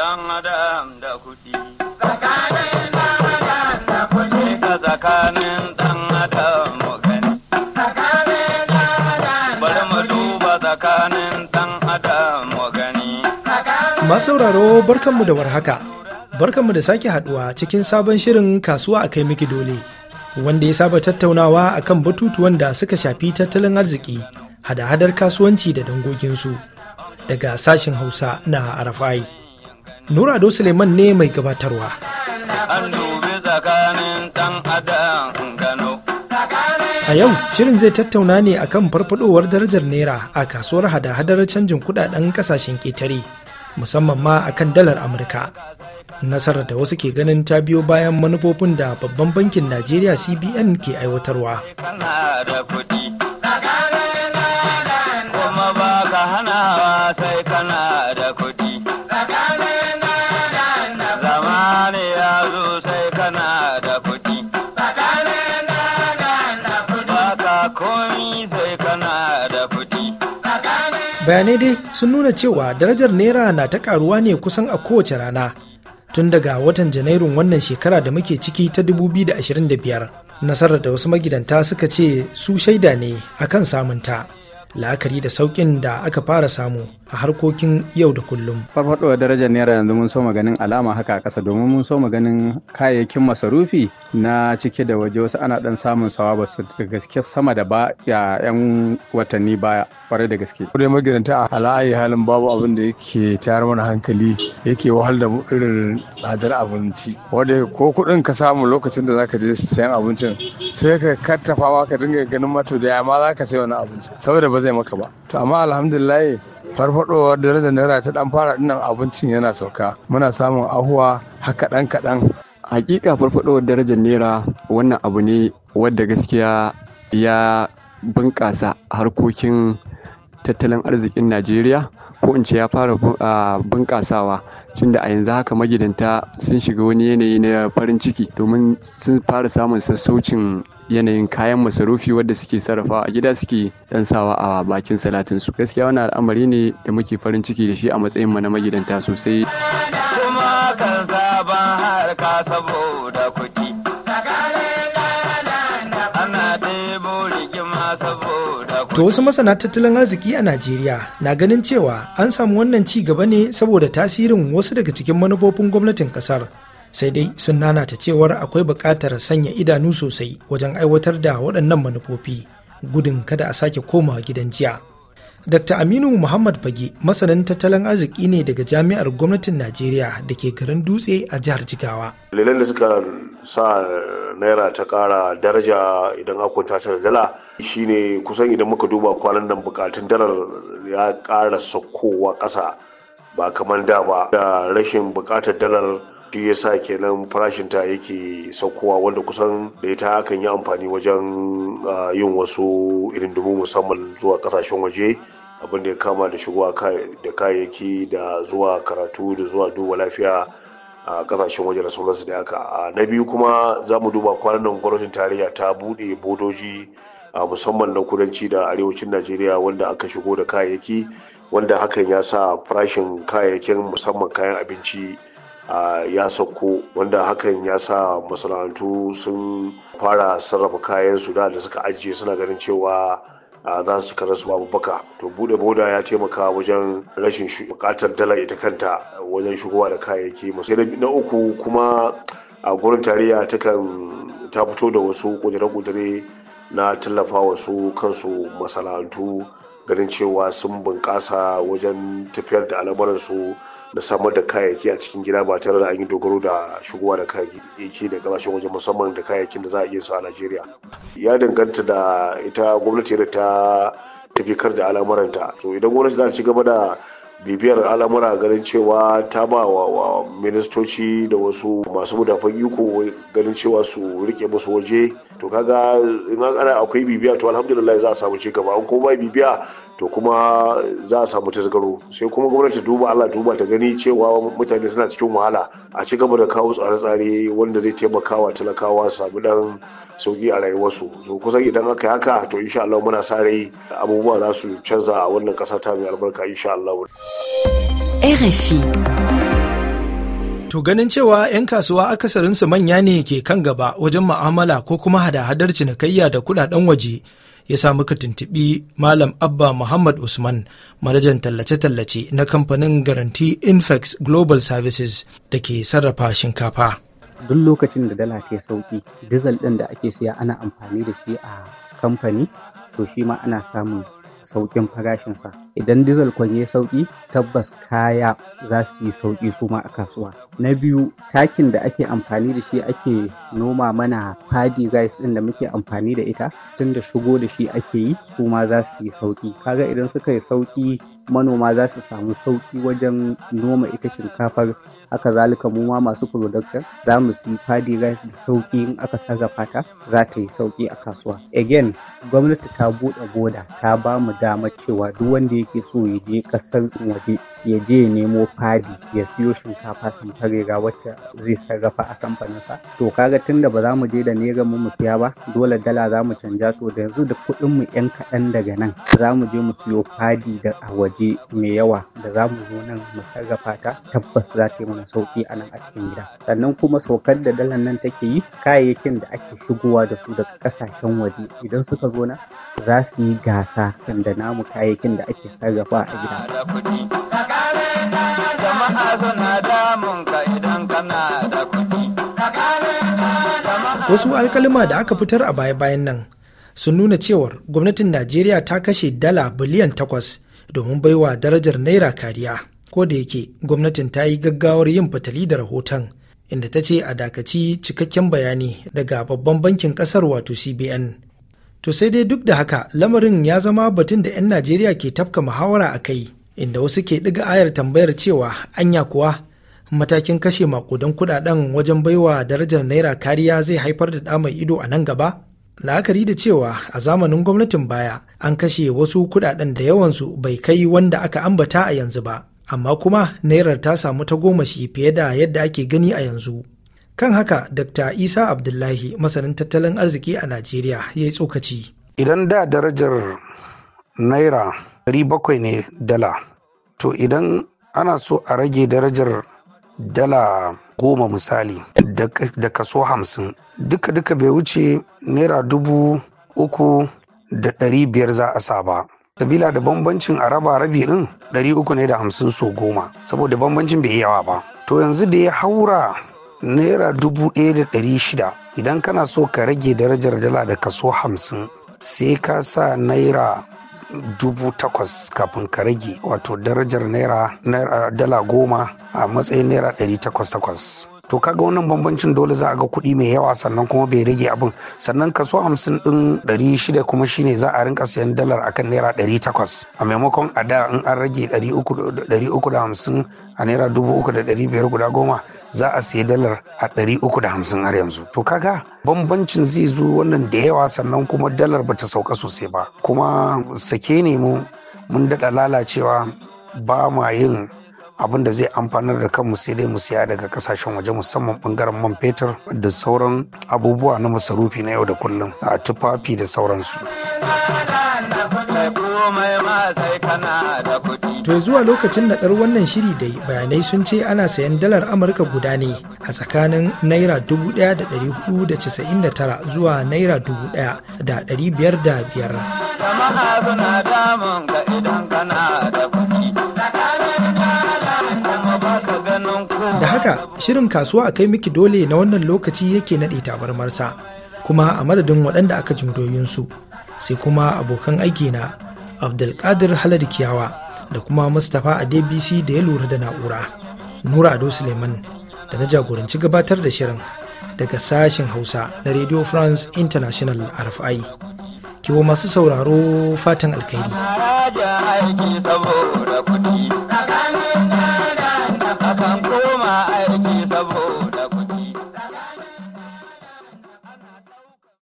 dan adam da kuɗi. Tsakanin dan adam da kuɗi. Ka dan adam mu gani. Tsakanin dan adam Bari mu duba dan adam mu gani. Masu sauraro barkanmu da warhaka. Barkanmu da sake haduwa cikin sabon shirin kasuwa a kai miki dole. Wanda ya saba tattaunawa a kan batutuwan da suka shafi tattalin arziki, hada-hadar kasuwanci da dangoginsu, daga sashen Hausa na Arafai. Nura Nurado Suleiman ne mai gabatarwa. A yau shirin zai tattauna ne akan farfadowar darajar Naira a kasuwar hada-hadar canjin kudaden kasashen ƙetare, musamman ma akan dalar Amurka. Nasarar da wasu ke ganin ta biyo bayan manufofin da babban bankin Najeriya CBN ke aiwatarwa. bayanai dai sun nuna cewa darajar naira na ta karuwa ne kusan a kowace rana tun daga watan janairun wannan shekara da muke ciki ta 2025 nasarar da wasu magidanta suka ce su shaida ne akan samunta la'akari da sauƙin da aka fara samu a harkokin yau da kullum. Farfaɗowar darajar naira yanzu mun so maganin alama haka a ƙasa domin mun so maganin kayayyakin masarufi na cike da waje wasu ana ɗan samun sawa ba su da gaske sama da ba ya 'yan watanni baya kwarai da gaske. Kudai magidanta a halaye halin babu abin da yake tayar mana hankali yake wahal da irin tsadar abinci. Wanda ko kuɗin ka samu lokacin da zaka je sayan abincin sai ka kattafawa ka dinga ganin mato da ma za ka sai wani abinci saboda ba zai maka ba. To amma alhamdulillah farfadowar darajar naira ta dan fara dinnan abincin yana sauka muna samun ahuwa haka dan kadan hakika farfadowar darajar naira wannan abu ne wadda gaskiya ya bunƙasa harkokin tattalin arzikin najeriya ko in ce ya fara bunƙasawa tunda a yanzu haka magidanta sun shiga wani yanayi na farin ciki domin sun fara samun sassaucin yanayin kayan masarufi wadda suke sarrafa a gida suke dan sawa a bakin salatin su gaskiya wani al'amari ne da muke farin ciki da shi a matsayin mu na magidanta sosai kuma kan harka saboda To wasu masana tattalin arziki a Najeriya na ganin cewa an samu wannan ci gaba ne saboda tasirin wasu daga cikin manufofin gwamnatin kasar sai dai sun nanata cewar akwai buƙatar sanya idanu sosai wajen aiwatar da waɗannan manufofi gudun kada a sake koma gidan jiya. Dr. Aminu Muhammad Bage masanin tattalin arziki ne daga jami'ar gwamnatin Najeriya da ke garin dutse a jihar Jigawa. Lilin da suka sa naira ta ƙara daraja idan aka kwanta da dala shine kusan idan muka duba kwanan nan bukatun dalar ya ƙara saukowa ƙasa ba kamar da ba da rashin bukatar dalar shi yasa kenan farashin ta yake saukowa wanda kusan da ita akan yi amfani wajen yin wasu irin dubu musamman zuwa kasashen waje abin da ya kama da shigowa da kayayyaki da zuwa karatu da zuwa duba lafiya a kasashen waje da sauransu da haka na biyu kuma za mu duba kwanan nan gwamnatin tarayya ta bude bodoji a musamman na kudanci da arewacin najeriya wanda aka shigo da kayayyaki wanda hakan ya sa farashin kayayyakin musamman kayan abinci ya sauko wanda hakan ya sa masana'antu sun fara sarrafa kayan su da suka ajiye suna ganin cewa za su kara su babu baka to bude boda ya taimaka wajen rashin bukatar dala ita kanta wajen shigowa da kayayyaki sai na uku kuma a gurin tarayya kan ta fito da wasu kudure-kudure na tallafa wasu kansu masana'antu ganin cewa sun bunƙasa wajen tafiyar da al'amuransu da samar da kayayyaki a cikin gida ba tare da an yi dogaro da shigowa da kayayyaki da kasashen waje musamman da kayayyakin da za a iya su a Najeriya. Ya danganta da ita gwamnati da ta tafi kar da al'amuranta. To idan gwamnati za ta ci gaba da bibiyar al'amura ganin cewa ta ba wa ministoci da wasu masu mudafan iko ganin cewa su rike musu waje to kaga in an ana akwai bibiya to alhamdulillah za a samu ci gaba an kuma bibiya to kuma za a samu tasgaro sai kuma gwamnati duba Allah duba ta gani cewa mutane suna cikin wahala a ci gaba da kawo tsare-tsare wanda zai taimaka wa talakawa su samu dan sauki a rayuwarsu so kusan idan aka yi haka to insha Allah muna sa rai abubuwa za su canza a wannan kasa ta mai albarka insha Allah RFI To ganin cewa 'yan kasuwa akasarinsu manya ne ke kan gaba wajen ma'amala ko kuma hada-hadar cinikayya da kudaden waje ya samu ka tuntuɓi Malam Abba Muhammad Usman, manajan tallace-tallace na kamfanin Garanti Infex Global Services da ke sarrafa shinkafa. duk lokacin da dala ta sauƙi, dizal ɗin da ake siya ana amfani da shi a kamfani to shi ma ana samun sauƙin farashin fa idan dizal kwan ya sauƙi tabbas kaya za su yi sauƙi su ma a kasuwa na biyu takin da ake amfani da shi ake noma mana paddy rice ɗin da muke amfani da ita tun da shigo da shi ake yi su ma za su yi sauƙi kaga idan suka yi sauƙi manoma za su samu sauƙi wajen noma ita shinkafar haka zalika mu ma masu production za mu siyi paddy rice da sauƙi in aka sarrafa ta za ta yi sauƙi a kasuwa again gwamnati ta buɗe boda ta ba mu damar cewa duk wanda yake so ya je ƙasar waje ya je ya nemo fadi ya siyo shinkafa riga wacce zai sarrafa a kamfaninsa to kaga tunda ba za mu je da naira mu siya ba dole dala za mu canja to da yanzu da kuɗin mu yan kaɗan daga nan za mu je mu siyo fadi da a waje mai yawa da za mu zo nan mu sarrafa ta tabbas za ta yi mana sauki a nan a cikin gida sannan kuma saukar da dalan nan take yi kayayyakin da ake shigowa da su daga ƙasashen waje idan suka zo na za su yi gasa da namu kayayyakin da ake sarrafa a gida. Wasu alkalima da aka fitar a baya-bayan nan sun nuna cewar gwamnatin Najeriya ta kashe dala biliyan takwas domin baiwa darajar naira kariya. Ko da yake gwamnatin ta yi gaggawar yin fatali da rahoton inda ta ce a dakaci cikakken bayani daga babban bankin kasar wato CBN. To sai dai duk da haka lamarin ya zama batun da 'yan Najeriya ke tafka muhawara a kai. inda wasu ke ɗiga ayar tambayar cewa anya kuwa matakin kashe makudan kudaden wajen baiwa darajar naira kariya zai haifar da ɗa mai ido a nan gaba la'akari da cewa a zamanin gwamnatin baya an kashe wasu kudaden da yawansu bai kai wanda aka ambata a yanzu ba amma kuma nairar ta samu ta goma shi fiye da yadda ake gani a yanzu kan haka dr isa abdullahi masanin tattalin arziki a najeriya ya yi tsokaci idan da darajar naira 700 ne dala to idan ana so a rage darajar dala goma misali da kaso hamsin duka duka bai wuce naira dubu uku da ɗari biyar za a sa ba sabila da bambancin a raba rabi ɗin ɗari uku ne da hamsin so goma saboda bambancin bai yawa ba to yanzu da ya haura naira dubu ɗaya da ɗari shida idan kana so ka rage darajar dala da kaso hamsin sai ka sa naira dubu takwas kafin ka rage wato darajar naira dala goma a matsayin naira ɗari takwas takwas to kaga wannan bambancin dole za a ga kuɗi mai yawa sannan kuma bai rage abin sannan kaso hamsin ɗin ɗari shida kuma shine za a rinka sayan dalar akan naira ɗari takwas a maimakon a da in an rage ɗari uku da hamsin a naira dubu uku da ɗari biyar guda goma za a sayi dalar a ɗari uku da hamsin har yanzu to kaga bambancin zai zo wannan da yawa sannan kuma dalar bata sauka sosai ba kuma sake ne mu mun daɗa lalacewa ba ma yin abin da zai amfanar da kanmu sai dai mu siya daga kasashen waje musamman bangaren man fetur da sauran abubuwa na masarufi na yau da kullum a tufafi da sauransu. To zuwa lokacin naɗar wannan shiri dai bayanai sun ce ana sayan dalar Amurka guda ne a tsakanin Naira 1,499 zuwa Naira 1,505. Jama'a suna damun ga idan kana da haka shirin kasuwa a kai miki dole na wannan lokaci yake naɗe tabarmarsa kuma a madadin waɗanda aka jimdoyinsu sai kuma abokan aiki na abdulkadir halad kiyawa da kuma mustapha a dbc da ya lura da na'ura nura ado suleiman da na jagoranci gabatar da shirin daga sashen hausa na radio france international rfi kiwo masu sauraro fatan alkhairi